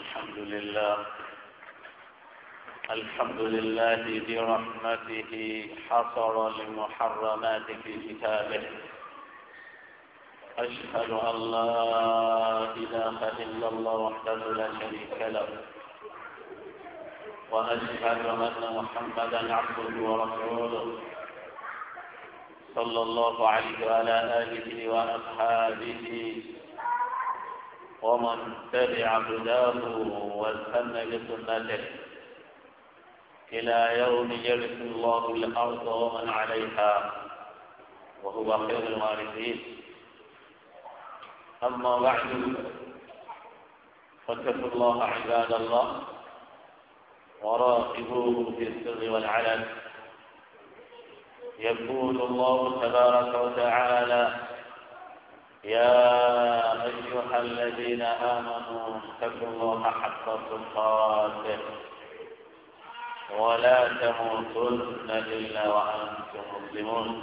الحمد لله الحمد لله برحمته حصر المحرمات في كتابه أشهد أن لا إله إلا الله وحده لا شريك له وأشهد أن محمدا عبده ورسوله صلى الله عليه وعلى آله وأصحابه ومن تبع هداه واستنى بسنته إلى يوم يرث الله الأرض ومن عليها وهو خير الوارثين أما بعد فاتقوا الله عباد الله وراقبوه في السر والعلن يقول الله تبارك وتعالى يا أيها الذين آمنوا اتقوا الله حق تقاته ولا تموتن إلا وأنتم مسلمون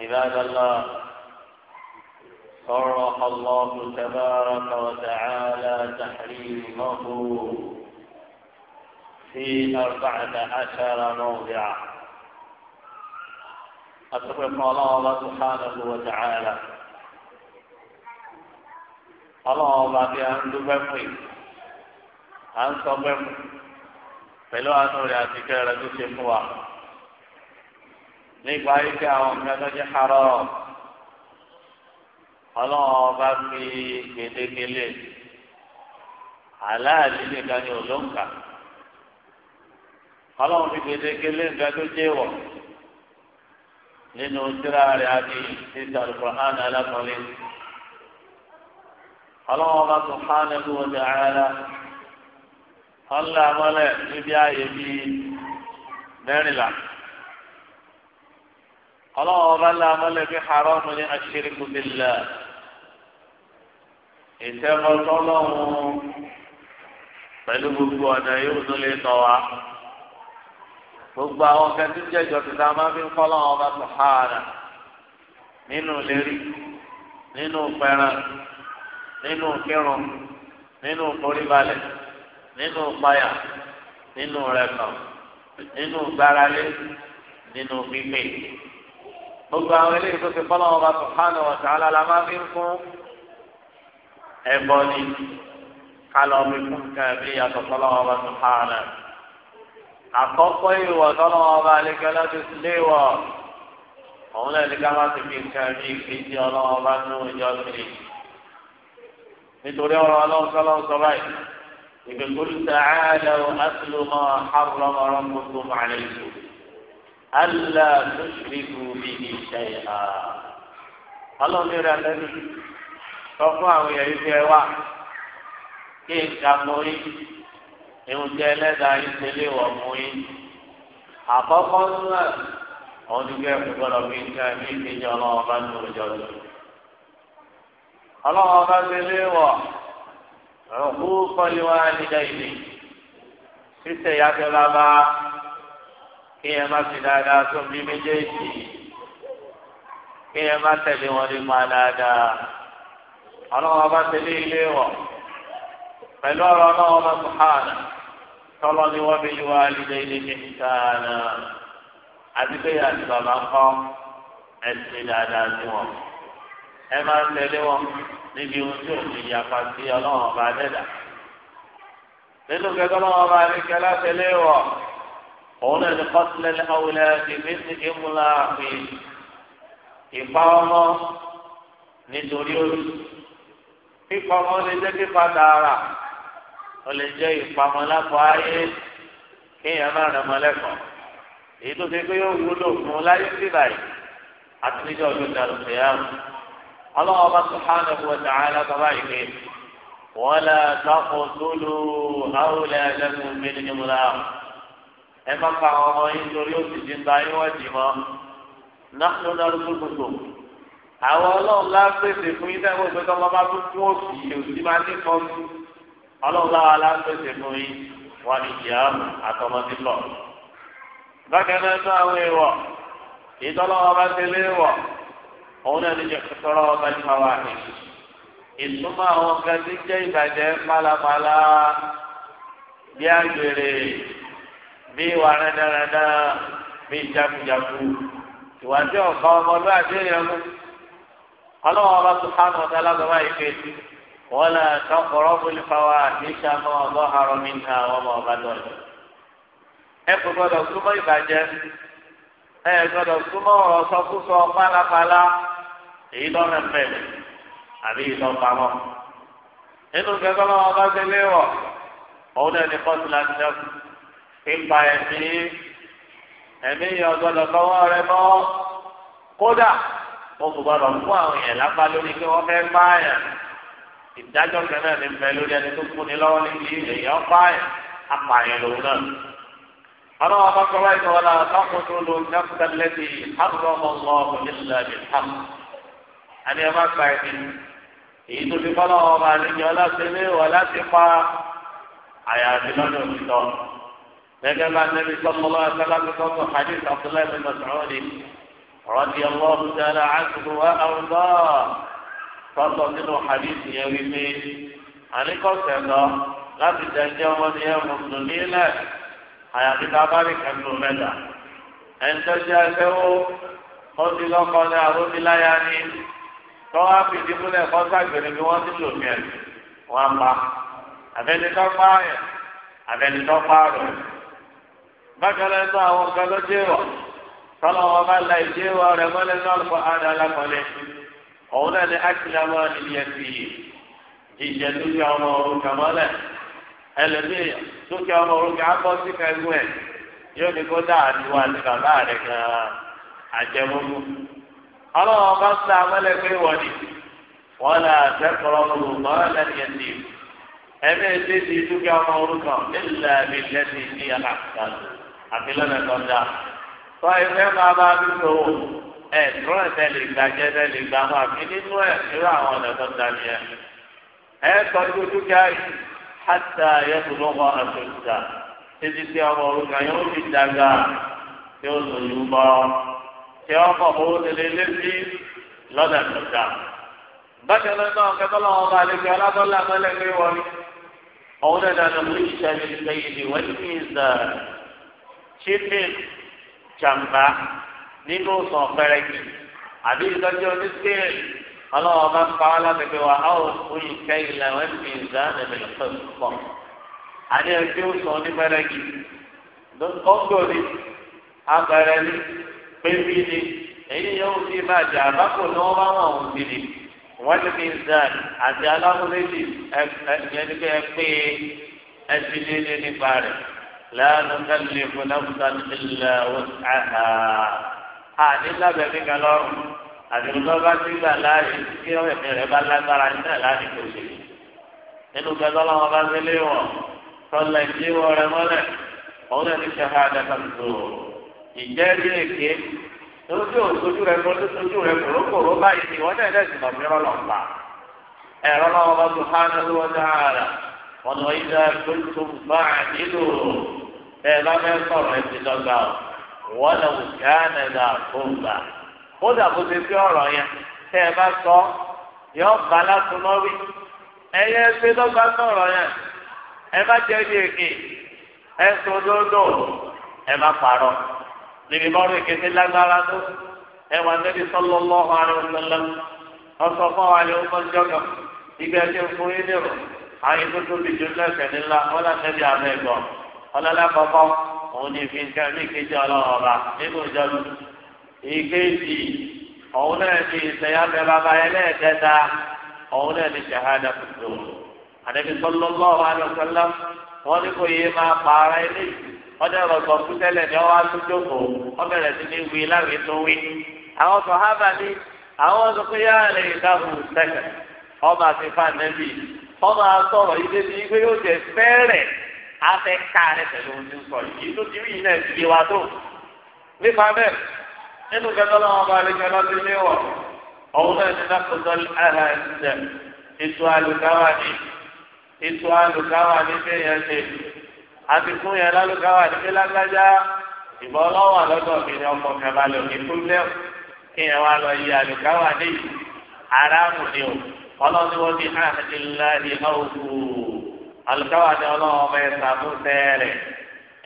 عباد الله صرح الله تبارك وتعالى تحريمه في أربعة عشر موضعاً أتقي الله سبحانه وتعالى الله بعد أن دبقي أن صبر pẹ̀lú àánú rẹ̀ àti kẹrẹ̀ tó ṣe fún wa àwọn jẹ́ ọba fi fi tó jẹ́ wọ̀. nínú síra rẹ̀ àti títà alukur'an alákọ̀ọ́lẹ̀. ọlọ́wọ́n bá tún ká nínú ọjà ara ọ̀là mọ́lẹ̀ níbi ààyè bíi mẹ́rìnlá. ọlọ́wọ́n bá là mọ́lẹ̀ bí haram ní aṣíríkù billah. ìtẹ́mọ́tọ́ lọ́wọ́ pẹ̀lú gbogbo ọ̀nà yóò tó lè tọ́ wa gbogbo àwọn kan tí ń jẹjọ ti ta máa fi ń kọ́ lọ́wọ́ ọba tó ha ara nínú lérí nínú pẹran nínú kírun nínú foríbalẹ̀ nínú payà nínú rẹpọ nínú gbáralé nínú pípé gbogbo àwọn eléyìí tó ti kọ́ lọ́wọ́ tó ha náà wọ̀tá ala la máa fi ń kún ẹ̀bọ ni kálọ̀ mi fún kẹ́ẹ̀bí yàtọ̀ kọ́ lọ́wọ́ tó ha náà àkọ́kọ́ ìwọ̀ tọ́lọ́ ọba àlekẹ́lá ti lé wọ̀ òun náà ní ká má ti fi nǹkan rí ibi tí ọlọ́wọ́ bá nú ìjọ sí i nítorí ọ̀rọ̀ ọlọ́run sọ́lọ́ sọ báyìí ìgbẹ́kùrú sàáàlà àtúlù mọ́ àrùn ọ̀rọ̀ gbogbo màálẹ̀ ìlú àlà tó ṣe kú bí iṣẹ́ ìhà ọlọ́run rẹ̀ lẹ́nu sọ fún àwọn èèyàn ìfẹ́ wa kí n kà mọ́ irun jẹ ẹlẹ́dàá ìṣẹ̀lẹ̀ wọ̀ fún yín àkọ́kọ́ náà àwọn onígbà ẹ̀kọ́ gbọ́dọ̀ fi nǹkan ní ìkejì ọlọ́wọ́ bá ń lò jọjọ. ọlọ́wọ́ bá ṣẹlẹ̀ wọ̀ ọ̀kú kọ́líwá nígbà ìlú títẹ̀ yàtọ̀lá bá kí ẹ má fi dáadáa tó bí méjèèjì kí ẹ má tẹ̀lé wọn ní máa dáadáa ọlọ́wọ́ bá ṣẹlẹ̀ ilé wọ̀ pẹ̀lú ọ̀rọ̀ náà ọba sùhánà tọ́lọ́ ni wọ́n fi yí wá lílé ilé kíkánà àti pé àti bàbá kọ́ ẹ̀sìn dáadáa sí wọn. ẹ máa ń tẹ̀lé wọn níbi ohun tí òun ìyá pa sí ọlọ́run ọba dẹ́dà. nínú kẹtọ́ ọlọ́run ọba àríkẹ́ látẹ̀lé wọ̀ òun náà ní kọ́sílẹ̀ àwùlẹ̀ ìbí ìmúlá àfi ìpa nítorí orí. pípa ọmọ jẹ́ pípa ó lè jẹ́ ìpamọ́ lápò ayé kéèyàn máa ràn mọ́ lẹ́kọ̀ọ́ èyí tó ṣe pé yóò wúlò fún láyé sí báyìí àti níjọ́ ọdún dàrú fìyàm ọlọ́wọ́ bá subhanahu wa ta'ala bàbá ìgbé wọ́n lè dáko tólu àwòlẹ̀ ẹ̀dẹ́gun mẹ́rin ní múlá ẹ má pa àwọn ọmọ yín torí ó sì ti ń ba yín wọ́n jì mọ́ náà ló dárú gbogbogbò àwọn ọlọ́run lágbèsè fún yín dẹ́gbẹ́ pé tọ́mọ bá tún fún òsì òsì máa ní kan ọlọ́run láwa láńpèsè fún yín wọn ni ìyáàmù àtọmọdé lọ. bákan náà tó àwọn èèwọ̀ ìtọ́lọ́wọ́ bá ti léèwọ̀ òun náà ní ìjọsọ̀rọ̀ ọba ní ma wà ní. ìtumọ̀ àwọn kan ti jẹ́ ìbàjẹ́ pálapàla bí àgbèrè bí ìwà rádaràdà bí ìjagunjagun ìwà tí ọ̀kan ọmọlúwàbí èèyàn mú. ọlọ́run ọba tó hánà ọ̀tá lágbàá yìí fèsì. ولا تقربوا الفواحش ما ظهر منها وما بطن ẹ kò gbọ́dọ̀ súnmọ́ ìbàjẹ́ ẹ gbọ́dọ̀ súnmọ́ ọ̀rọ̀ sọkúsọ pálapàla èyí lọrọ mbẹ àbí ìlọ pamọ́ nínú gbẹgbẹ máa wọn bá gbé léwọ òun náà ní kóòtù láti dẹkù pípa ẹ̀mí ẹ̀mí yẹn ọgbọ́dọ̀ kọwọ rẹ mọ kódà wọn kò gbọ́dọ̀ fún àwọn yẹn lápá lórí pé wọn fẹ́ẹ́ pààyàn ìdájọ́ kan náà ní bẹ lórí ẹni tó kú ni lọ́wọ́ níbi èèyàn pààyàn apààyàn lòun náà. ọlọ́wọ́ akọ́kọ́rọ́ ìtọ́ wọn náà sọ́kùnrin ló ń dákúta lẹ́bi àbúrọ̀mọ́ ọmọ nílùú àbí ham. àní ẹ má pa ẹni èyí tó fi kọ́lọ́ ọmọ àlejò ọlọ́sẹ̀lẹ̀ wọ̀ láti pa àyàfi lọ́dọ̀ òtítọ́. gẹ́gẹ́ bá nẹ́bí sọ́kùnrin asálámíkọ́kọ́ hadith abdullahi tọ́tọ̀ nínú hadith yẹn wípé àníkọ̀sẹ̀ lọ láti dẹjẹ́ ọmọnìyàn mùsùlùmí lẹ̀ àyàfi tá a bá rí kẹ́kọ̀ọ́ mẹ́ta. ẹ̀ńtọ́jú ẹgbẹ́wó ó ti lọ́kọ́ ní arúgbíláyà ni tọ́wọ́ àfìdí múlẹ̀ kọ́ sàgbèrè wọ́n ti lò mí ẹ̀ wọ́n pa àfẹnitọ́ pa ẹ̀ àfẹnitọ́ pa rẹ̀. bákan tó àwọn kan ló jẹ́ wọ̀ tọ́lọ́ bá la ìjẹ́wọ̀ rẹ̀ mọ́lẹ́ náà kọ́ òun náà ní akílámà ìyẹ̀fì ìjẹ dúkìá ọmọ orúkà mọ́lẹ̀ dúkìá ọmọ orúkà á bọ́ sí ẹ̀ yóò ní kó dáa ní wa bàbá rẹ̀ gan-an àjẹmọ́gbó. ọlọ́wọ́ bá sá amọ́lẹ̀ pé wọ́n wọ́n là ọmọ ẹlẹ́yẹ̀tì ẹ̀mí ẹ̀dẹ́ ti dúkìá ẹ dúró ẹsẹ lè gbà jẹ ẹsẹ lè gbà wọn àbí nínú ẹ irú àwọn ọ̀nà tó ń da ni ẹ. ẹ tọ́jú dúkìá yìí hàtà yẹtù ló wọ àtúntà títí tí ọmọ orúkọ yẹn ó fi dàgbà tí ó lò yìí bọ́ tí ọkọ̀ owó tẹ̀lé lẹ́sí lọ́dà tó dà. bákan náà náà kẹ́kọ̀ọ́ bá lè fi ọlọ́dọ́lá mọ́lẹ́ pé wọ́n ọ̀hún náà dáná mú ìṣẹ́ni lẹ́yìn ìwé ní ìzà chipping nínú sàn pẹrẹgì àbí ìtọ́jú oníṣẹ́ẹ̀lì ọlọ́wọ́ bá ń pa wá láti pé wa áwọ̀ olùkẹ́ ilẹ̀ wọn ti ń zá ẹ̀mẹ̀lẹ̀ pẹ̀lú pọ̀. àní ẹgbẹ́ òsàn onípẹrẹgì ọgbọ́ni apẹrẹ ní pépí ni èyí yóò fi bàjẹ́ àbákò ní wọ́n bá wọn òun ti ni wọ́n ti fi ń àti alámúlédì ẹni pé ẹ pé ẹ ti lé nípa rẹ̀ fún náà fún náà wọ́n ti àní lábẹ́ mi kan lọ́rùn àdìgbò bá ti gbà láàyè kí ẹ̀mí rẹ̀ bá lágbára nílẹ̀ láàyè kò ṣe nínú pẹ̀lú ọlọ́wọ́ bá ti lé wọn tọ́lá ìdí wọn rẹ mọ́lẹ̀ òun náà ti ṣe ha dàgbà tó ìjẹ́rí èké lójú òṣojú rẹ kúrò lójú rẹ kúrò báyìí ni wọ́n dẹ̀ ẹ̀rọ ọlọ́wọ́ bá tó hánà lọ́wọ́ dáhàrà wọn lọ ìdá tó tó bá àdínú ẹ̀ bá fẹ́ sọ̀rọ̀ ẹ̀ ti dọ́gba ọ̀ wọ́n lọ wò kí á nà dà fúnbà kódà bó ṣe fi ọ̀rọ̀ yẹn tẹ́ ẹ bá sọ yọ bá lásùnmọ́ wí ẹ̀yẹ ṣe lọ́gbà sọ̀rọ̀ yẹn ẹ má jẹ́ ní èké ẹ sọ dódò ẹ má parọ́ níbi bọ́ọ̀rù ìkéde lágbára tó ẹ wà níbi sọ́lọ́ lọ́hùn àrùnlọ́lọ́ ọsọ fún wa ni ó mọ jọgọ ìgbẹ́ ẹni fún yín nìrò àyè tó tóbi jù lẹ́sẹ̀ nílá wọ́n làtẹ́bí ọlọ́lá kọ̀ọ̀kọ́ òun ni fi nǹkan ní kejì ọlọ́run ọba nínú ìjọba ìkejì òun náà ní ìsẹ̀yàfẹ́ bàbá ẹlẹ́ẹ̀kẹta òun náà ní ṣàhádà kùtù àdẹ́bí sọlọ́lọ́ àlọ́sọ́lá wọn ní kò yé máa pààrà ilé ọdẹ kútẹlẹ ní ọbẹrẹ sí ní wí tó wí àwọn ní àwọn sọ pé yára lè sẹkẹ ọba àti ọba àtọrọ afẹ́ káàrẹ́ pẹ̀lú ohun tí ń sọ yìí tó ti rí iná ìdílé wa tó. nípa bẹ́ẹ̀ nínú kẹtọ́ lọ́wọ́ bá lè kẹtọ́ sí ilé wọ̀ ọ̀hún náà ti dákòtò ẹ̀hà ẹ̀sẹ̀ ètò àlùkáwà ní ètò àlùkáwà ní bẹ́yẹn ṣe àfikún yẹn lálùkáwà ní lágbájá ìbọn lọ́wọ́ lọ́dọ̀ mi ni ọkọ̀ kẹfà lè ní púlẹ̀ kí yẹn wá lọ yí àlùkáwà ní aráàmù ni o ọlọ́ni wọ́n ti hàn ní láàrin náà kú àlùkáwà ni ọlọ́run ọmọ ẹ̀sà tó tẹ́ẹ̀rẹ̀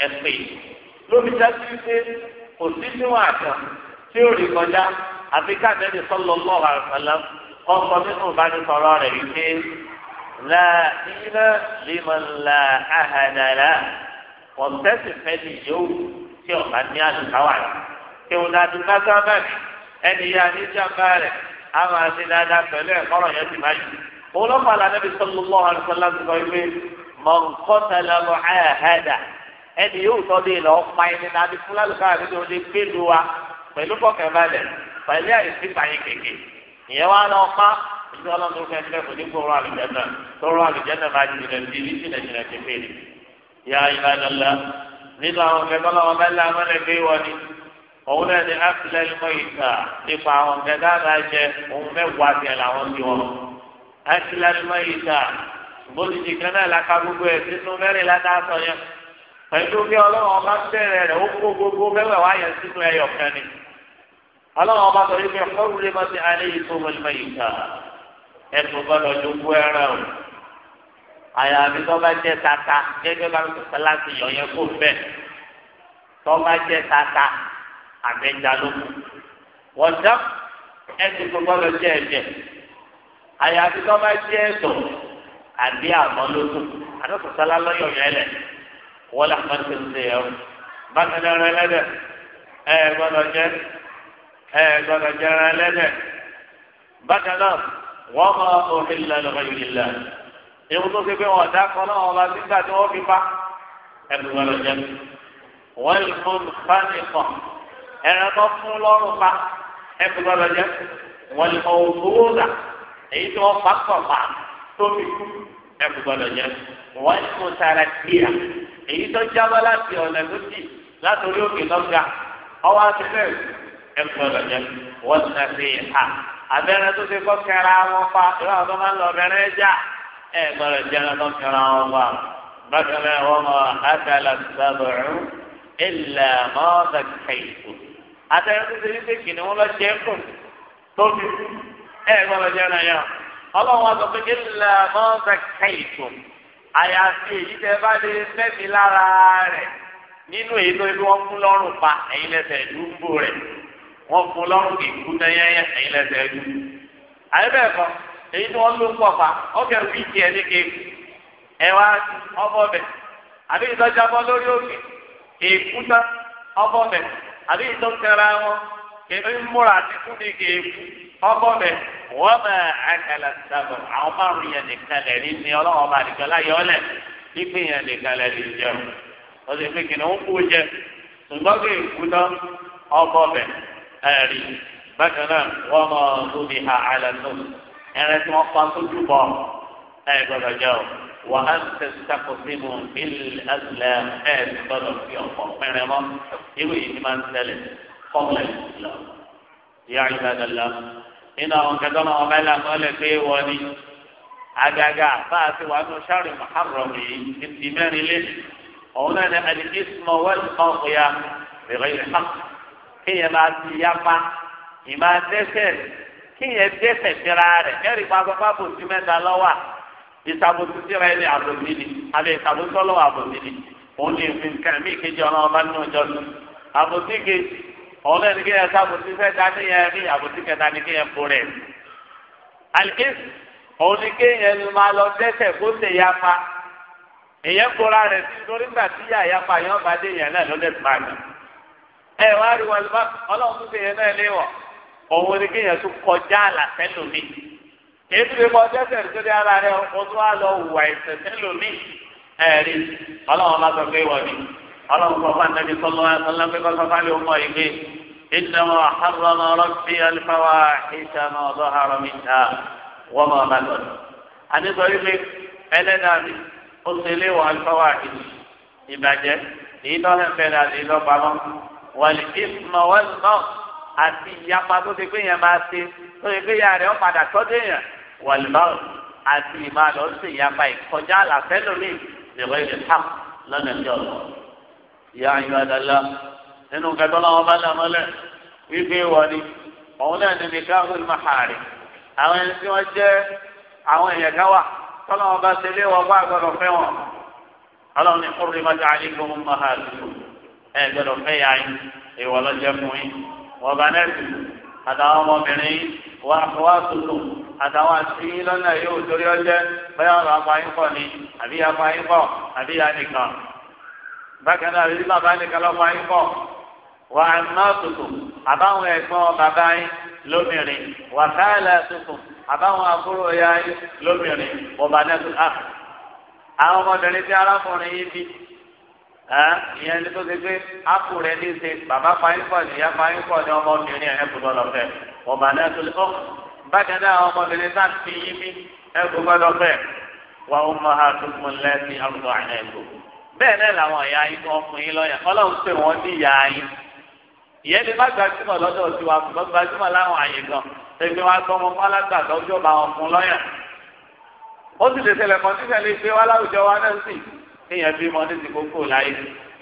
ẹ pè lóbi dájú pé kò sí níwọ̀n àtọ̀ tí ó rí kọjá àfi káàdẹ́ni sọ́lọ́ lọ́wọ́ àrùkọ́lá ọkọ̀ nínú ìbánisọ̀rọ̀ rẹ̀ wípé la ilẹ̀ limọ̀lá ahàdàlà kọ̀ǹtẹ́sì fẹ́ni yóò tí ọ̀gá ní àlùkáwà rẹ̀ kí wọn dájú lásán bẹ́ẹ̀ ẹni yá ní jàmbá rẹ̀ á máa dáadáa pẹ̀lú ẹ̀kọ́rọ̀ òun ló fàlà níbi sọlọ lọ àlùfọlá ti sọ pé mọ̀nkọ́tàlá lọ àhàdà ẹni yóò tọ́ de lọ pa ẹni náà ní fúlàlù káàdì tó lè gbé lu wa pẹ̀lú kọ̀kẹ́balẹ̀ pẹ̀lú àìsí pààyè kéke ìyẹn wà lọ pa ìdí ọlọ́run fẹ́ fẹ́ kò ní kóró àlùjẹ́nà kóró àlùjẹ́nà máa jìnnà jìnnà jìnnà jìnnà kéke ni. ya ìlànà nínú òun náà ni áfílẹ̀ ìmọ̀ ìta nípa àwọn kẹfẹ́ àgbà jẹ òun mẹ́wàá tiẹ̀ làwọn ti wọn asilamọ ìta bólúti kan náà la ka gbogbo ẹ sínú mẹ́rin la dá sọ yẹn pẹ̀lú bí ọlọ́run ọba bẹ̀rẹ̀ rẹ̀ ó kó gbogbo mẹ́wàá wá yẹn sínú ẹyọ kan ni ọlọ́run ọba sọ yìí pé ọlọ́run lè má ti alẹ́ yìí tó mọlẹ́mọ ìta ẹ̀sùn gbọ́dọ̀ ju kú ẹran o àyàfi tó bá jẹ́ tata gẹ́gẹ́ bá tó láti yọ yẹn kó bẹ́ẹ̀ tó bá jẹ́ tata àbẹ̀jà ló kù wọ́n dá ẹ̀sùn gbọ́dọ̀ jẹ́ ẹ̀jẹ̀ àyàfi tó bá jẹ́ ẹ̀sọ̀ àbí àmọ́lódù àdókò sálá lọ́yọ̀ yẹn lẹ̀ wọ́n lè máa ń tẹ̀sí ẹ̀rù bákan náà rẹ lẹ́dẹ̀ ẹ gbọ́dọ̀ jẹ́ ẹ gbọ́dọ̀ jẹ́ rẹ lẹ́dẹ̀ bákan náà wọ́n mọ òfin lẹ́nu ọ̀yọ́ ìlà ewu tó ṣe pé wọ́n dá kan náà wọ́n bá ti gbà tí wọ́n fi pa ẹ̀bùn gbọ́dọ̀ jẹ́ wọ́n lè fún fáni kan ẹ̀rọ tó fún lọ́rùn pa ẹ̀bùn gbọ́dọ̀ jẹ́ wọ́n lè fún òwúrò èyí tí wọ́n fa kọ̀ọ̀pá tó fi kú ẹ̀kú gbọ́dọ̀ jẹ́ wọ́n ti mú sára kíá èyí tó jábọ́ láti ọ̀nà lókì látòrí òkè lọ́gà ọwọ́ àtúnfẹ́ ẹ̀kú gbọ́dọ̀ jẹ́ wọ́n ti náà fi hà abẹ́rẹ́ tó fi kọ́ kẹra wọn fa ìwà tó máa ń lọ bẹ̀rẹ̀ ẹja ẹ̀ gbọ́dọ̀ jẹ́ lọ́kọ́ kẹra wọn fa bákan náà wọ́n mọ àtàlà sábẹ̀rún ilẹ̀ mọ́ọ́dà kẹ́yìn tó ti rí pé kìnnìún lọ ṣe é kù tó kú ẹ gbọ́dọ̀ jẹ́ náà yẹn ọlọ́run wa sọ pé kí lè mọ́ sẹ́kẹ́ ìtò àyàfi èyí tẹ bá lè mẹ́mi lára rẹ̀ nínú èyí tó ibi wọ́n fún lọ́rùn pa ẹ̀yin lẹ́sẹ̀ dúró rẹ̀ wọ́n fún lọ́rùn kì í kú tẹ́yẹ́yẹ́ ẹ̀yin lẹ́sẹ̀ dúró. àyè bẹ́ẹ̀ kọ́ èyí tí wọ́n ló ń pọ̀ pa ọ̀kẹ́ wí ti ní kéèkù ẹ̀ wá ọbọ̀ bẹ̀ àbí ìtọ́jà bọ́ lórí òkè èkúta ọbọ̀ bẹ̀ àbí ìtọ́kẹ́ra wọn ń múra àti fún mi kì í fún ọgbọ́n mi wọ́n máa àkàlà sábà àwọn márùn yẹn nìkan lẹ̀ ní ní ọlọ́wọ́n bá nìkan láyé ọlẹ̀ pípé yẹn nìkan lẹ̀ ní jẹun wọ́n ti pé kìnnìún kú jẹ ṣùgbọ́n kì í kú ná ọgbọ́n mi ẹ̀rí bákan náà wọ́n máa lómi ha àlẹ́ nù tí wọ́n pa sójú bọ̀ ẹ̀ gbọ́dọ̀ jẹ́ o wà á tẹ̀síkàkọ́símù bíl ẹ̀sìlẹ̀ ẹ̀ gbọ́dọ̀ fi ọ̀pọ̀ pẹ̀rẹ̀ mọ́ irú yìí ni máa ń tẹ̀lé قبل الإسلام يا عباد الله إن أنكدنا عملا قال في وني أجاجا فاتي وأنه شهر محرم الدمان له هنا الإثم والبغي بغير حق هي ما تيما إما تسر هي تسر فرارة كاري بابا بابو تمتا لوا ìsàbòsí síra ẹni àbòmí ni àbẹ ìsàbòsí ọlọ́wọ́ àbòmí ni òun lè fi nǹkan mí kejì ọ̀nà ọba nínú ìjọ ọ̀lẹ́ ni kéèyàn sábòtí fẹ́ dání yẹn ní àbòtí kẹta ni kéèyàn kó rẹ̀. àlìkéèsì òun ni kéèyàn máa lọ dẹ́sẹ̀ kó ṣe ya pa èyàn kóra rẹ̀ sí torí gbà tí yà ya pa yẹn bá dé yẹn náà lọ́dẹ̀ tó máa nà. ẹ wá rí wọn lọ́wọ́ ọlọ́run tún ṣe yẹn náà léwọ̀ òun ni kéèyàn tún kọjá àlà sẹ́lómi. èyí tó lè dẹ́sẹ̀ nítorí ara rẹ̀ o tún lọ wùwà ẹ̀sẹ̀ ẹ̀rí ọlọ́run lásán pé wọ̀ ni ọlọ́run kọ́ fún àtẹ̀jẹ́ sọ́lọ́ إنما حرم ربي الفواحش ما ظهر منها وما بطن أنا ضعيف أنا نامي أصلي والفواحش إبادة إنه فلا إنه بابا والإثم والبغي àti ìyapa tó ti pé yẹn máa ṣe tó ti pé yẹn rẹ̀ ó tọ́jú yẹn wàlúbáwò àti ìmàlọ́ sí ìyapa ìkọjá àlàfẹ́ lómi ìrọ̀ ìrẹ̀ tàp lọ́nà ìjọba. ìyá ayọ̀ adala nínú kẹtọ́ làwọn bá dà mọ́lẹ̀ wípé wọ́ni òun náà ní nìkan mahari àwọn ẹni tí wọ́n jẹ́ àwọn èèyàn kan wà tọ́lọ́wọ́n bá ṣe léwọ́ bá gbọ́dọ̀ fẹ́ wọn ọlọ́run ní kúrò má jà ní gbọ́n mahari ẹ gbọ́dọ̀ fẹ́ yà yín èèwọ̀ lọ́jẹ́ fún yín wọ́n bá nẹ́ẹ̀sì àtàwọn ọmọbìnrin yín wọ́n àfọwọ́ tuntun àtàwọn àti lọ́nà yóò torí ọjẹ́ bẹ́ẹ̀ ọ̀rọ̀ apá yín pọ̀ ni àbí apá yín pọ̀ àbí yá nìkan bákan náà rí bàbá nìkan lọ́kọ́ ayé kọ́ wà á tuntun àbáwọn ẹ̀gbọ́n bàbá yín lómìnrin wà sáàlà tuntun àbáwọn àbúrò ya yín lómìnrin bọ̀bà náà tó hàn. àwọn ọmọbìnrin tí arákùnrin yín bí eh, ìyẹn ní tó ti pé ápù ní ṣe bàbá fáyín pọ̀ ní ìyá fáyín pọ̀ ní ọmọbìnrin ẹ̀ kò gbọdọ̀ fẹ́ bọ̀bà náà tó hàn. bákan náà ọmọbìnrin ti bí ẹ̀ kò gbọdọ̀ fẹ́ wà ó bẹ́ẹ̀ náà làwọn ìyá yín kọ́ fún yín lọ́yà ọlọ́run pè wọ́n ní ìyá yín ìyẹn lè má gbajúmọ̀ lọ́dọ̀ tí wàá fún gbajúmọ̀ láwọn àyè gan ẹgbẹ́ wa gbọ́ ọmọ fálágbà lọ́jọ́ bá wọn fún lọ́yà ó sì lè ṣẹlẹ̀ kan síṣẹ́ lè gbé wá láwùjọ wa náà sì kéèyàn bí mọ ní ti kókó láyé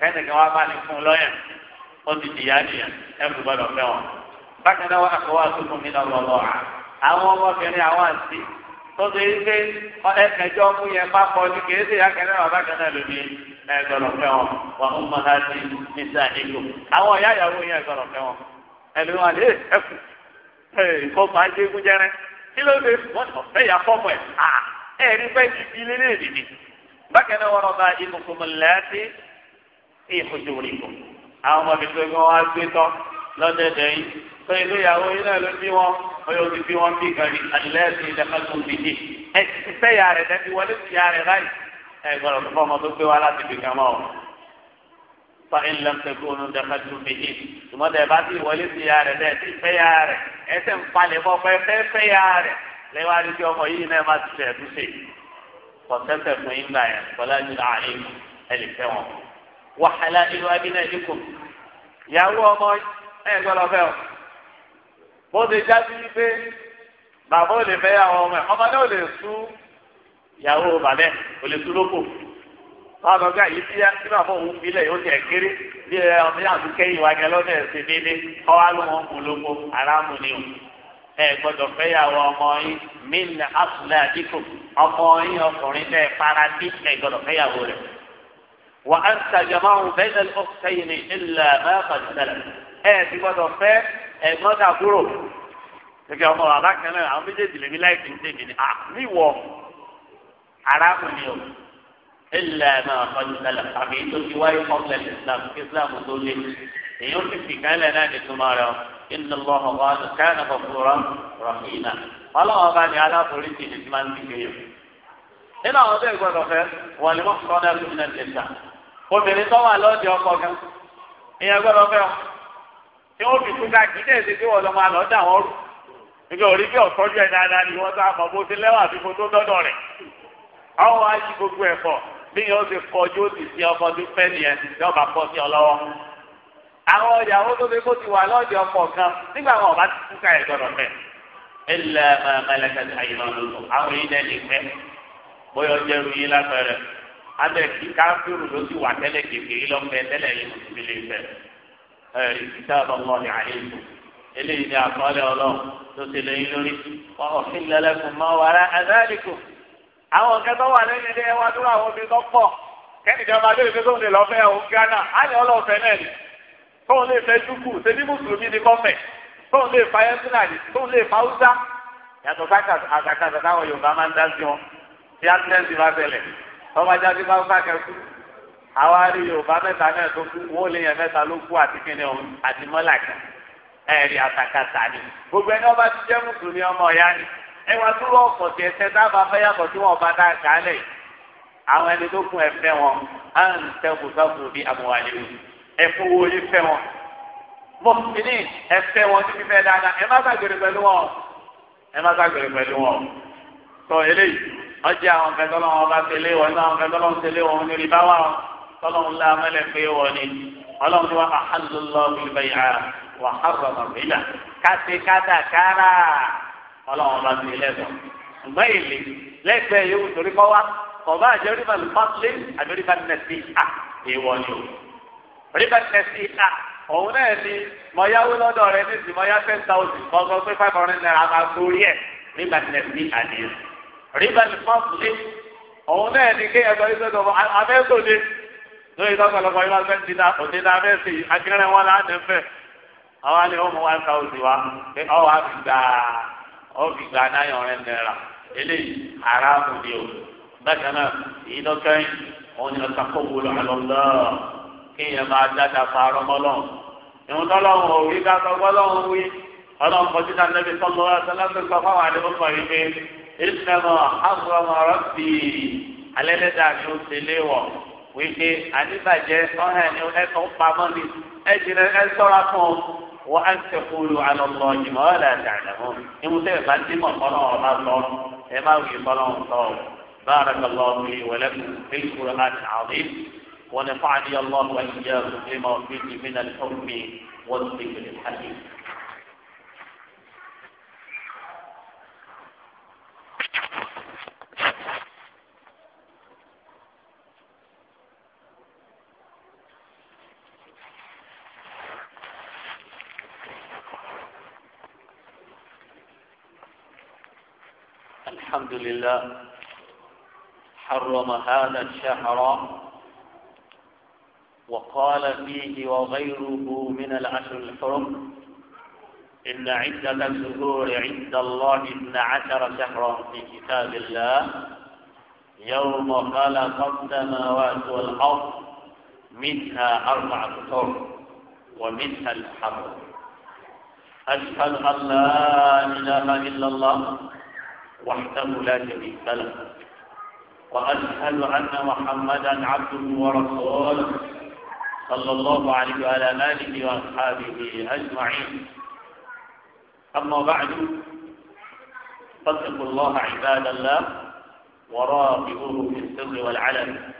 kẹ́nìkan wá bá ní fún lọ́yà ó ti dìyà nìyà ẹ kò gbọdọ̀ fẹ́ wọn. bákan náà wàá kọ́ wá sókun mi náà lọ́wọ́ àwọn ọmọbìnrin àwọn àti tó ṣe é pé ẹ̀kẹ́jọ́ fún yẹn pápọ̀ ní kèé ẹgbẹ̀rún fẹ́ wọn wà ó mọ náà níta ìlú àwọn ìyá ìyàwó yẹn ẹgbẹ̀rún fẹ́ wọn ẹni wọn lè ẹkù ìfọ̀mù ajégún jẹrẹ kí ló dé wọn ọ̀fẹ́ yà fọ́mù ẹ̀ à ẹ̀rí bẹ́ẹ̀ ti di ilé lèdì bákan náà wọn ọba ìmùkùnmù lẹ́ẹ̀tì ìfojú rìkù àwọn ọmọ mi tó gbọ́ wá gbé tọ́ lọ́dẹ̀dẹ̀ yìí tó ìlú ìyàwó yìí náà ló bí wọn oyè ó ti bí wọn bí kan ní àdìlẹ́ẹ̀tì ìdẹ́kọ̀tún ti fẹ́ yà rẹ̀ dẹ́bi wọlé ti yà rẹ̀ báyìí ẹ gbọ́dọ̀ tó fọmọ tó gbé wá láti fi kàn mọ́ ọ. fa ilẹ̀ ń tẹ̀kọ́ ọ̀nà dẹ̀ka tó fi yé tùmọ̀tẹ̀ ẹ bá ti wọlé sí ya rẹ̀ dẹ̀ ti fẹ́ ya rẹ̀ ẹsẹ̀ ń palẹ̀ bọ́ fẹ́ fẹ́ fẹ́ ya rẹ̀ lẹ́wọ́n adé tí ọmọ yìí náà má ti tẹ̀ tó ṣe kọ̀tẹ́tẹ̀ fún yín gbà yẹn kọ́lá ní àárín ẹ fẹ́ wọn. wàhálà ìlú abiná ikùn ìyàwó ọmọ ẹ gbọ́dọ̀ fẹ́ o bó ti já sí pé bàbá ò lè fẹ́ yà ọmọ ẹ̀ ọmọ náà ò lè sún ìyàwó bàbẹ kò lè túlókò wọn àgbà gbà yìí tí tí màá fọ òun filẹ yóò tẹ kéré bí ẹ ọmọ yàrá tó kẹ́yìn wa gẹ lọ́dọ̀ ẹsẹ nílé kọwá ló wọn kò lóko aráàmù ni o ẹ gbọ́dọ̀ fẹ́yàwó ọmọ yín mílíọnù àtúnlẹ àdínkù ọmọ yín ọkùnrin náà fara bí ẹ gbọ́dọ̀ fẹ́yàwó rẹ. wà á ń máa ń bẹ́ẹ̀ lọ sẹ́yìn ní ilẹ̀ mẹ́fà sílẹ̀ ẹ ti gbọ́dọ̀ haramu ni o ilẹ̀ náà kọjú tẹ́lẹ̀ àbí tó ti wáyé kọ́lẹ̀ islam islam tó lé èyí ó ti fi kálẹ̀ náà ní túmọ̀ rẹ̀ o inna allah wa kana ghafura rahima ọlọ́wọ́ bá ní aláforí ní máa ń ti kéye nínú àwọn tó ìgbọ́dọ̀ fẹ́ wọ́n ní wọ́n kọ́ náà lómi náà lè obìnrin tó wà lọ́ọ̀dì ọkọ gan ìyẹn gbọ́dọ̀ fẹ́ o tí wọ́n fi kú ká kí dé ṣe pé wọ́n lọ àwọn wa yí gbogbo ẹ̀ pọ̀ bí yóò fi kọjú ó sì sí ọmọ dúpẹ́ nìyẹn yóò bá sí ọ lọ́wọ́. àwọn ìyàwó tó fi kó ti wà lọ́ọ̀dì kan nígbà wọn ọba ti kú ká ẹ̀ gbọdọ̀ fẹ́. ẹ lẹ mẹlẹkẹsì àyìnbọn lòlò àwọn yìí náà lè fẹ́ bóyá ọjọ́ yìí kí káfíìrù ló ti wà tẹ́lẹ̀ kékeré tẹ́lẹ̀ yìí ni àyè àwọn ọ̀kẹ́ tó wà lẹ́yìn ilé wa tó àwọn obìnrin tó pọ̀ kẹ́nìjọba lè fi tóun lè lọ fẹ́ òun Ghana á lè ọlọ́ọ̀fẹ́ náà ni tóun lè fẹ́ dúkù ṣebí mùsùlùmí ni kọ́fẹ̀ tóun lè fa ẹ́ńtínà ni tóun lè fa Hausa yàtọ̀ kákàtà táwọn Yorùbá máa ń dá sí wọn tí ásídẹ́ǹtì bá tẹ̀lẹ̀ ọmọdé àti bá fà kẹ́kù àwọn arí Yorùbá mẹ́ta náà tó kú wọ́n lè yẹn mẹ́ta ló kú àti kíni ọ̀hún àti mọ́là kan ẹ̀rí àtàkàtà ni gbogbo ẹni ọba ti jẹ́ mùsùlùmí ọmọ ọ̀yá ẹ wá dúró ọkọ̀ tí ẹsẹ̀ sábà fẹ́ yàtọ̀ tí wọ́n bá dá àkàlẹ̀ àwọn ẹni tó kún ẹfẹ́ wọn á ń tẹ́kù sáfù bí àmúwáyé o ẹ̀fún wo yìí fẹ́ wọn. mọ̀kìnní ẹfẹ́ wọn ti fi fẹ́ dáadáa ẹ má ṣàgbèrè pẹ̀lú wọn ẹ má ṣàgbèrè pẹ̀lú wọn. sọ eléyìí wọ́n àwọn fẹ́ wọn bá tẹ̀lé wọn ní àwọn fẹ́ tọ́lọ́ tẹ̀lé wọn ní rìbá wa tọ́lọ́ ń la pé wọn ni ọlọ́run ti wá àhàlùlọ́ọ̀ ọlọ́run bá ti lẹ́sọ̀ ṣùgbọ́n èlé lẹ́sẹ̀ yóò torí kọ́ wá kọ̀ọ̀bá àjẹ́ rìbá lùpàṣẹ àbí rìbá nẹ̀sì à èèwọ̀ ni o rìbá nẹ̀sì à òun náà ni mọ̀yáwó lọ́dọ̀ rẹ ní ti mọ̀yá ten thousand kọ́kọ́ pé five hundred naira máa sórí ẹ̀ rìbá nẹ̀sì à ni rìbá lùpàṣẹ òun náà ni kí ẹgbẹ́ yìí sọ́dọ̀ abẹ́sọ̀dé lórí lọ́pọ̀lọpọ̀ yìí máa fẹ́ ti dá òde dá abẹ́sì akérè wọn láàdẹ́fẹ́ àwọn àlè ọmọ one thousand wa pé ọ fi gbàá ọ̀fi gba náírà rẹ̀ náírà eléyìí aráàmù ni o bákan náà èyí lọ́kẹ́yìn òun ni ọ̀sán kó wúlò àlọ́lọ́ kéèyàn máa dáadáa fa arọ́mọ́lọ́ ìwọ̀n tọ́lọ́hún òwì ká sọ gbọ́lọ́hún wí ọlọ́run kọjú náà lẹ́bi sọ́lọ́ ọ̀sán sọ fáwọn àdébọ̀kọ̀ yìí pé ìsìnàmọ̀ àbúrọ̀mọ̀ rọ́bì alẹ́lẹ́dàá ni ó ti léwọ̀ wípé àdìbàjẹ́ ọ̀hẹ́ ni ẹ̀kọ́ pamọ́ ni ẹ̀ wọ́n á ṣe kúrò àlọ́ lọ ìmọ̀ ọ̀là àdàlẹ́mọ́ ìmúṣẹ́ ìbá tí mọ̀ kọ́ náà ọba sọ ẹ má wí kọ́ náà sọ بارك الله لي ولكم في القرآن العظيم ونفعني الله وإياكم بما فيه من الحكم والذكر الحكيم الله حرم هذا الشهر وقال فيه وغيره من العشر الحرم إن عدة الشهور عند الله اثنا عشر شهرا في كتاب الله يوم خلق السماوات والأرض منها أربعة أشهر ومنها الحرم أشهد أن لا إله إلا الله وحده لا شريك له وأشهد أن محمدا عبده ورسوله صلى الله عليه وعلى آله وأصحابه أجمعين أما بعد فاتقوا الله عباد الله وراقبوه في السر والعلن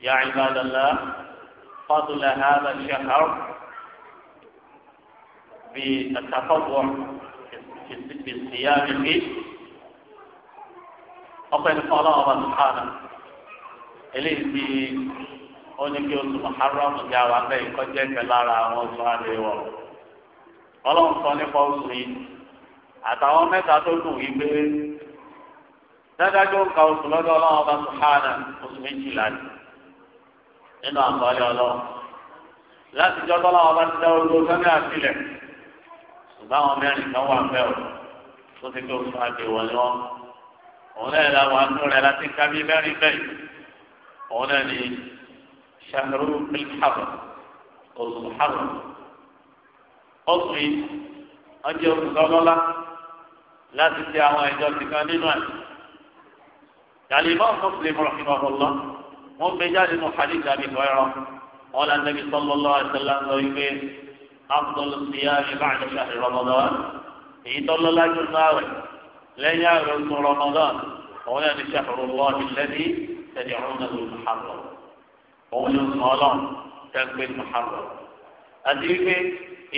يا عباد الله فضل هذا الشهر بالتفضل في الصيام فيه ọpẹ́ ní fọlọ ọba sùhánà eléyìí bí ó ní kí oṣù muharram ya wà bẹ́ẹ̀ kọjá ẹgbẹ́ lára àwọn oṣù àlè wọ̀ ọlọ́run sọ nípa oṣù yìí àtàwọn mẹ́ta tó dùn yìí pé dájájọ́ nǹkan oṣù lọ́dọ̀ ọlọ́run ọba sùhánà oṣù méjìlá ni nínú àkọọ́lẹ̀ ọlọ́run láti jọ́ tọ́lọ́wọ́ bá ti dá ojú sọ́ní àtìlẹ̀ ṣùgbọ́n àwọn mẹ́rin kan wà fẹ́ o tó ti tó oṣù àgbèwọ̀ ni òun náà la wà nù rẹ̀ láti ká bí mẹ́rin bẹ́ẹ̀ òun náà ni ṣàrú ìkàbọ̀ oṣù hàrù oṣù yìí ọjọ́ oṣù lọ́lọ́lá láti ṣe àwọn ìjọ tìkan nínú ẹ̀. Ìyàlímọ̀ Mùsùlùmí rahimahullah wọ́n gbé jáde nù hadith àbí kọ́ẹ̀rọ wọn là Nabi sallallahu alaihi wasallam sọ wípé afdal siyami ba'da shahri Ramadan èyí tọ́lọ́lá jù náà rẹ̀ lẹ́yìn àrùn rọmọdán òun yẹn ti ṣàkóso lọ́ọ̀dì lẹ́ni tẹ̀lé ọ̀run náà muhammed òun yóò sọ ọlọ́run tẹ̀gbẹ́ muhammed. àti wípé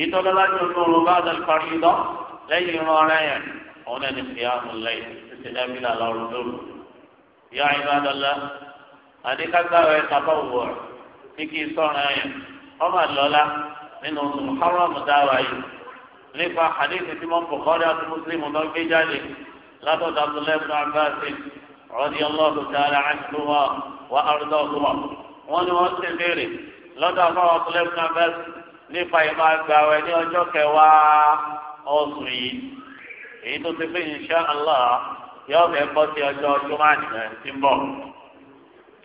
ìtọ́lọ́lá yóò tó ọ̀run bá dàl parí lọ lẹ́yìn ìran ọ̀rẹ́ yẹn òun yẹn ti fi àmú lẹ́yìn títí lẹ́bílà lọ́rùn lóru. ìyá ìbádọ́lá àdékágbára ẹ̀ sábà wọ̀ ní kí sọ̀rọ̀ yẹn ọmọ àlọ́lá nínú muhammed dáwà yìí nípa àdéhùn tí wọ́n kọ̀ لقد عبد الله بن عباس رضي الله تعالى عنهما وأرضاهما ونوصي بيري لقد عبد الله بن عباس nípa ìmọ̀ agbáwẹ̀ ní ọjọ́ kẹwàá ọ̀sùn yìí èyí tó ti fi insha Allah yóò fẹ́ bọ́ sí ọjọ́ jùmọ̀nì rẹ̀ ti ń bọ̀.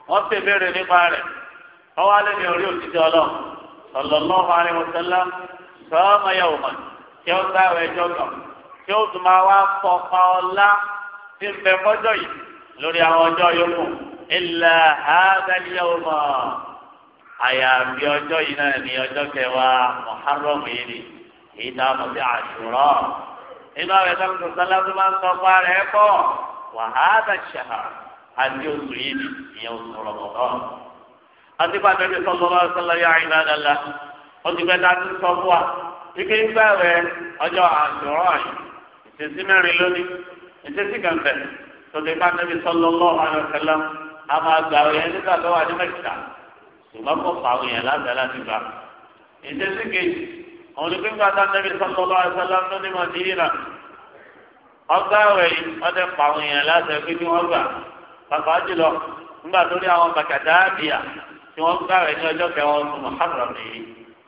wọ́n ti béèrè nípa rẹ̀ wọ́n wá ní orí òtítọ́ ọlọ́run sallallahu alaihi wasallam sọ́ọ́mọ yẹ̀wò kí ó sáwẹ̀ ẹjọ́ kan tí ó tún máa wá fọkàn ọlá tí ń bẹ fọjọ́ yìí lórí àwọn ọjọ́ yòókù ilà ààbẹ̀lẹ̀ ọmọ àyàfi ọjọ́ yìí náà ní ọjọ́ kẹwàá Muharram yìí ni èyí tá a mọ̀ sí Àṣúrà inú àwọn ẹ̀dá tuntun sálá tó máa ń sọ fún ara ẹ̀ pọ̀ wàhálà ṣàhà àti oṣù yìí ni ìyẹn oṣù rọ̀mọ̀tọ́ àti bàtà ẹbí sọ̀tọ̀ lọ́wọ́ sọ̀lá yà ìlà dàda ó ti fẹ́ dá tó sọ fún wa ike ń bẹ̀rẹ̀ ọjọ́ Àṣúrà yìí ìṣesí mẹ́rin lónìí ìṣesí kànfẹ́ tòtí ká níbi sallallahu alaihi wasallam a máa gbà àwọn yẹn nígbà tó wà ní mẹ́ta ṣùgbọ́n kò fà àwọn lábẹ́ láti gbà. ìṣesí kejì òun ni pípa tá níbi sallallahu alaihi wasallam lónìí mọ̀ ní ìlà ọgbà àwẹ̀ yìí wọ́n ti pa àwọn yẹn láti ẹgbẹ́ kí wọ́n gbà pàpà jùlọ nígbà tó ní àwọn bàkàtà àbíyà tí wọ́n gbà rẹ̀ ní ọjọ́ kẹwọn oṣù Muharram yìí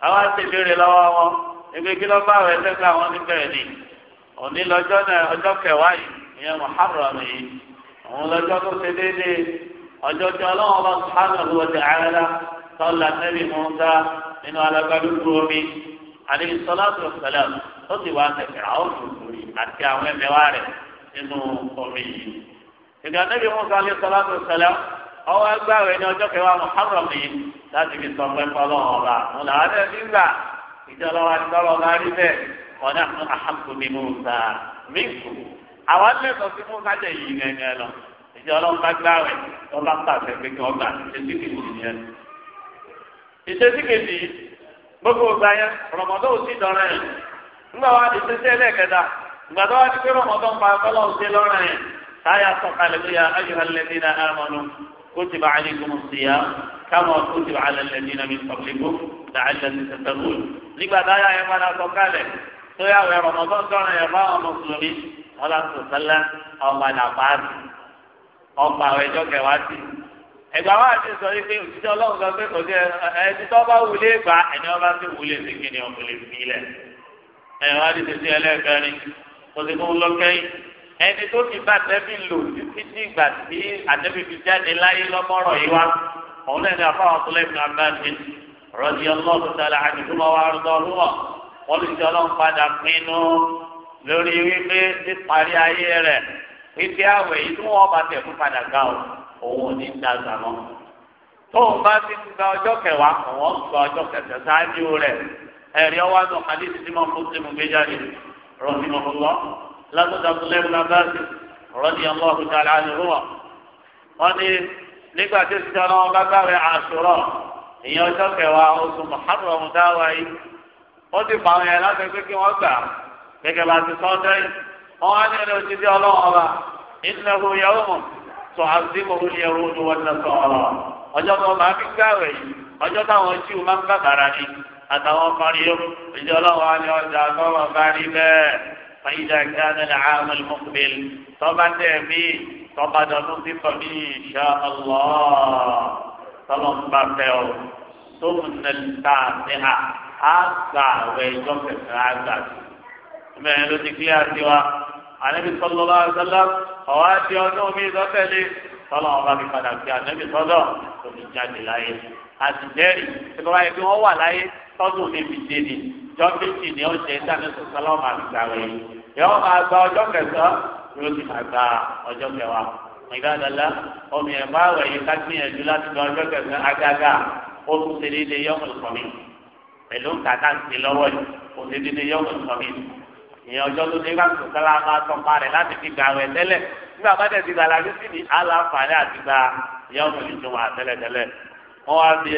àwọn àti ìbéèrè lọ́wọ́ wọn ìgbé kí lọ́ bá àwẹ̀ sẹ́gbà ni òní lọ́jọ́ náà ọjọ́ kẹwàá yìí ìyẹn muharram yìí òun lọ́jọ́ tó ṣe déédéé ọjọ́ tí ọlọ́wọ́n bá subhanahu wa ta'ala tọ́lá nẹ́bí Mùsá nínú alágbádúgbò omi àdébí sọláàtù ọ̀sẹ̀lẹ̀ ó sì wá sẹ̀kẹ̀rẹ̀ àwọn òṣèlú àti àwọn ẹ̀mẹ́wá rẹ̀ nínú omi yìí. ìgbà nẹ́bí Mùsá ní sọláàtù ọ̀sẹ̀lẹ̀ ọwọ́ agbáwé ní ọjọ́ ọ̀nà àhàkù ni musa mínkù àwọn lẹ́sọ̀ sí musa jẹ́ yìí gẹ́gẹ́ lọ ìjọ ọlọ́run bá gbá rẹ̀ wọ́n bá pàṣẹ pé kí wọ́n gbà ìṣesí kejì yẹn. ìṣesí kejì gbogbo ọgbà yẹn rọmọdún òsì dọ́rẹ́ yẹn ńgbà wá ìṣesí ẹlẹ́ẹ̀kẹta ìgbà tó wá ní pé rọmọdún pa ọlọ́run sí lọ́rẹ́ yẹn táyà sọ̀kalẹ̀ bí ya ayyuhalladhina amanu kutiba alaykumus siyam kama kutiba alal ladina min qablikum la'allakum tattaqun nígbà táyà yẹn padà sọ̀kalẹ̀ tó yà wẹ̀ rọ̀mọ́tọ́ yẹn fáwọn mùsùlùmí wọn ọmọ àdàpáàdì ọgbà àwọn ẹjọ́ kẹwàá sí ẹgbà wa ti sọ yìí pé òtítọ́ ọlọ́run sọ pé kò sí bá wulé gbà ẹni wọn bá ti wulé sí kí ni ọmọ lè fi lẹ ẹni wọn ti tẹsí ẹlẹ́ẹ̀kẹrin kò sí fún lọ́kẹ́yìn ẹni tó ti bá tẹ́bí lò títí ìgbà tí àtẹ́bí fi jáde láyé lọ́mọ́rọ̀ yìí wá ní wọ́n ti ọlọ́run padà pinnu lórí wípé níparí ayé rẹ̀ wípé àwẹ̀ inú wọn bá tẹ̀ fún padà ga o òun ò ní da sàmọ́. tóun bá ti gba ọjọ́ kẹwàá kàn wọ́n gba ọjọ́ kẹsẹ̀ sáájú rẹ̀ ẹ̀rí ọwọ́ àti ọ̀kadì ti ti máa ń fún símu gbé jáde rọ̀bì mọ̀lọ́ látọ̀dọ̀ abúlẹ́bù lábáàsì rọ́dì ọlọ́ọ̀kú tààlà àdúrà wọ́n ní nígbà tí ìsìtẹ́ ọlọ́wọ́ bá gbàwé àṣùrọ̀ ìyẹn ọjọ́ kẹwàá oṣù mọ̀hárùn-ún yìí wọ́n ti fa àwọn yẹn láti pé kí wọ́n gbà gẹ́gẹ́ bá ti sọ dẹ́yìn wọ́n á ní ẹni oṣù tí ọlọ́run ọba ìdílẹ̀kù yẹ̀wò mọ̀ tó àdìmọ̀ olùyẹ̀wò ni wọ́n lọ sọ ọ̀rọ̀ ọjọ́ tó máa fi gbàwẹ̀ yìí ọjọ́ táwọn jíù máa ń bàbàrà ni àtàwọn ọkùnrin yóò ìdí ọlọ́run á ní ọjà gbọ́rọ̀ bá rí bẹ́ẹ̀ fàyídà kíáná àgbà àwẹ̀ ìjọ kẹsàn-án àgbà mẹ́rin ló ti kílíà sí wa ànábi sọlọ́lá àgbàlá ọ̀wá di ọdún mi lọ́tẹ̀lé sọlọ́ ọba mi padà sí ànábi sọlọ́ omi jáde láyé àtìjẹ́rì ìgbà wáyé bí wọ́n wà láyé tọ́dún mi fi dé ni jọ méjì ni ó ṣe dáná sọlọ́ máa fi gbà wẹ̀ yọ máa gba ọjọ́ kẹsàn-án yóò ti máa ọjọ́ kẹwàá ìgbàdàlá omi ẹ̀ máa wẹ̀ ká gbìyànjú láti gba ọjọ́ kẹsàn-án agága ó tún ṣe pẹ̀lú kàkà sí lọ́wọ́ yìí kò sí dídí yọ ọ̀gbọ̀n sọ̀rọ̀ yìí ìyẹn ọjọ́ tó dé wàásù sọ́lá máa tọ́ pa rẹ̀ láti fi gbà wẹ̀ tẹ́lẹ̀ nígbà bá tẹ̀ ti gbà láti sí ní aláǹfààní àti gba yọ ọ̀gbọ̀n ìjọba tẹ́lẹ̀tẹ́lẹ̀ wọ́n wá bí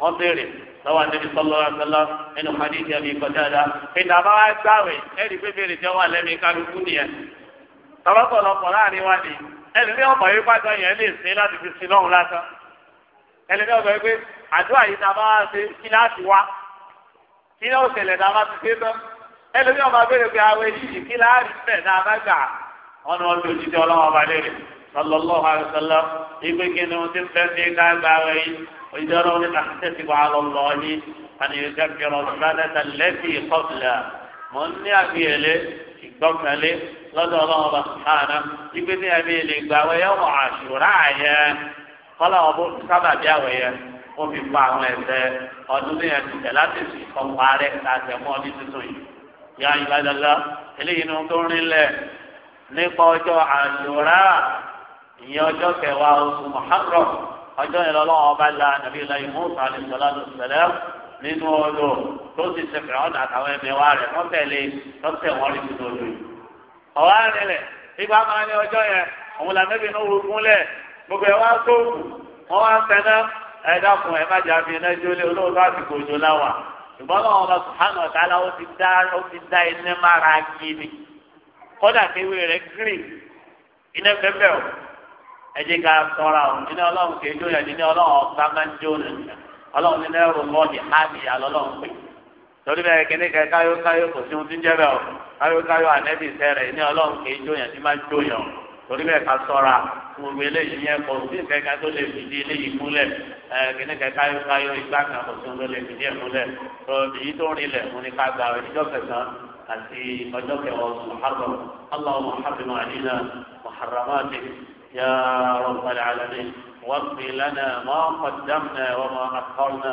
wọ́n béèrè lọ́wọ́ àti sọ́lọ́ ọ̀sọ́lọ́ nínú kàdíjà mi kọjá dá ìdá bá wá gbàwé ẹ̀rí pé béèrè jẹ́ wà lẹ́mí kálukú nìyẹn tọ́lọ́pọ̀lọpọ̀ láàrin wa ni kí ni ó ṣẹlẹ̀ tá a bá ti dé tán ẹlòmí ọmọ abẹ́rẹ́ pé àwọn eléyìí kí láàrin bẹ́ẹ̀ náà bá gbà ọ̀nà ọdún òjijì ọlọ́wọ́ ọba lérè sallallahu alayhi wa sallam ìgbé kinu tí ń fẹ́ fi ká gba ara yìí òjijì ọlọ́wọ́ ní àtẹ̀sí wa lọ́lọ́ yìí àti ìgbà kẹrọ sálẹ́tà lẹ́sì kọ́fìlà mọ̀ ní àbíyẹlé ìgbọ́kànlé lọ́dọ̀ ọlọ́wọ́ ọba sàánà ó fi pa àwọn ẹ̀ṣẹ̀ ọdún ní ẹsẹ tẹ láti fi ọpa rẹ láti ẹmọ ọdún tuntun yìí ya ìbádọ́lá eléyìí ni wọn tó rinlẹ̀ nípa ọjọ́ àṣùrà ìyẹn ọjọ́ kẹwàá oṣù Muharram ọjọ́ yẹn ọba la nàbí ilayi Musa alẹ́sọ̀lá lọ́sọ̀lẹ́ nínú ọdún tó ti sẹ̀fẹ̀ ọ̀nà àtàwọn ẹ̀mẹ̀wá rẹ̀ wọ́n tẹ̀lé lọ́sẹ̀ wọn rí nínú ọdún yìí. ọ̀wá rinlẹ̀ ibà máa ní ọjọ́ yẹn òun làmẹ́bí náà wù fúnlẹ̀ gbogbo ẹ̀ wá sóòkù wọ́n wá sẹ́ná ẹ dákun ẹ má jà fi iná jólé olóòtú àsìkò òjò láwà ṣùgbọ́n náà wọn bá sùhánù ọ̀tàlá ó ti dá ó ti dá iná mára gidi kódà kéwì rẹ̀ gírì iná pẹ́pẹ́ o ẹ jẹ́ ká sọ́ra o iná ọlọ́run kì í jó yẹn iná ọlọ́run ọ̀gá máa ń jó nìyẹn ọlọ́run ní náírà lọ́ọ̀dì hábìyà lọ́lọ́run pè torí bẹ́ẹ̀ kíní kẹ káyọ́ káyọ́ kò sí ohun tí ń jẹ́ bẹ́ẹ̀ o káyọ́ káyọ́ torí bẹ́ẹ̀ ká sọ́ra gbogbo eléyìí yẹn kò sí kẹ́kẹ́ tó lè fìdí eléyìí múlẹ̀ kíní kẹ́kẹ́ ayọ́ káyọ́ ìgbà kan kò sí tó lè fìdí ẹ̀ múlẹ̀ tó èyí tó rí lẹ̀ fún ní ká gba ọjọ́ kẹsàn-án àti ọjọ́ kẹwàá oṣù muharram allahumma muhammed alina muharramati ya rabbal alamin wàgbé lana ma qaddamna wa ma akharna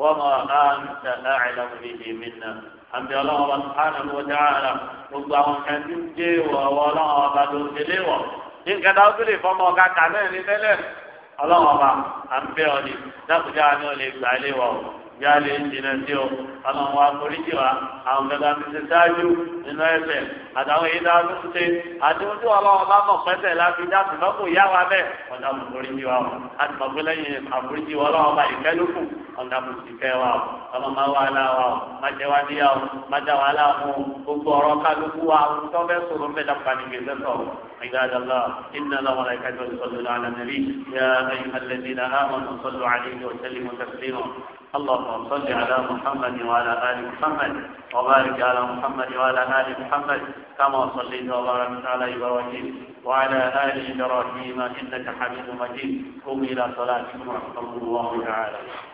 wa ma anta a'lamu bihi minna àbí ọlọ́wọ́ bá sùpáàdà ló dá ara gbogbo àwọn kan tí ń dé wọ̀ ọwọ́ ọlọ́wọ́ bá ló ń délé wọ̀ ní nǹkan táwọn tó lè fọmọ ọ̀gá kà náà ní tẹ́lẹ̀ ọlọ́wọ́ bá à ń bẹ́ ọ ni dákúdá ni ó lè gbà lé wọ̀ bí a lè jìnnà sí ọ ọlọ́wọ́ àforíjì wa àwọn gbẹgbẹ́ àti ṣe ṣáájú nínú ẹ̀fẹ̀ àtàwọn èyí náà ló ń ṣe àti ojú ọlọ́wọ́ bá mọ̀ pẹ́sẹ̀ láti dá ṣùgbọ́n kò yá wa bẹ́ẹ̀ ọ̀dà mùsùlùmí wa o àti mọ̀ pé lẹ́yìn àforíjì wa ọlọ́wọ́ bá ìfẹ́ ló kù ọ̀dà mùsùlùmí wa ọmọ máa wá alá wa o wá níyà o má já wa gbogbo ọ̀rọ̀ kálukú wa o tó fẹ́ sọ̀rọ̀ mẹ́ta pàdé عباد الله إن الله وملائكته يصلون على النبي يا أيها الذين آمنوا صلوا عليه وسلموا تسليما اللهم صل على محمد وعلى آل محمد وبارك على محمد وعلى آل محمد كما صليت وباركت على إبراهيم وعلى آل إبراهيم إنك حميد مجيد قم إلى صلاتكم ورحمة الله تعالى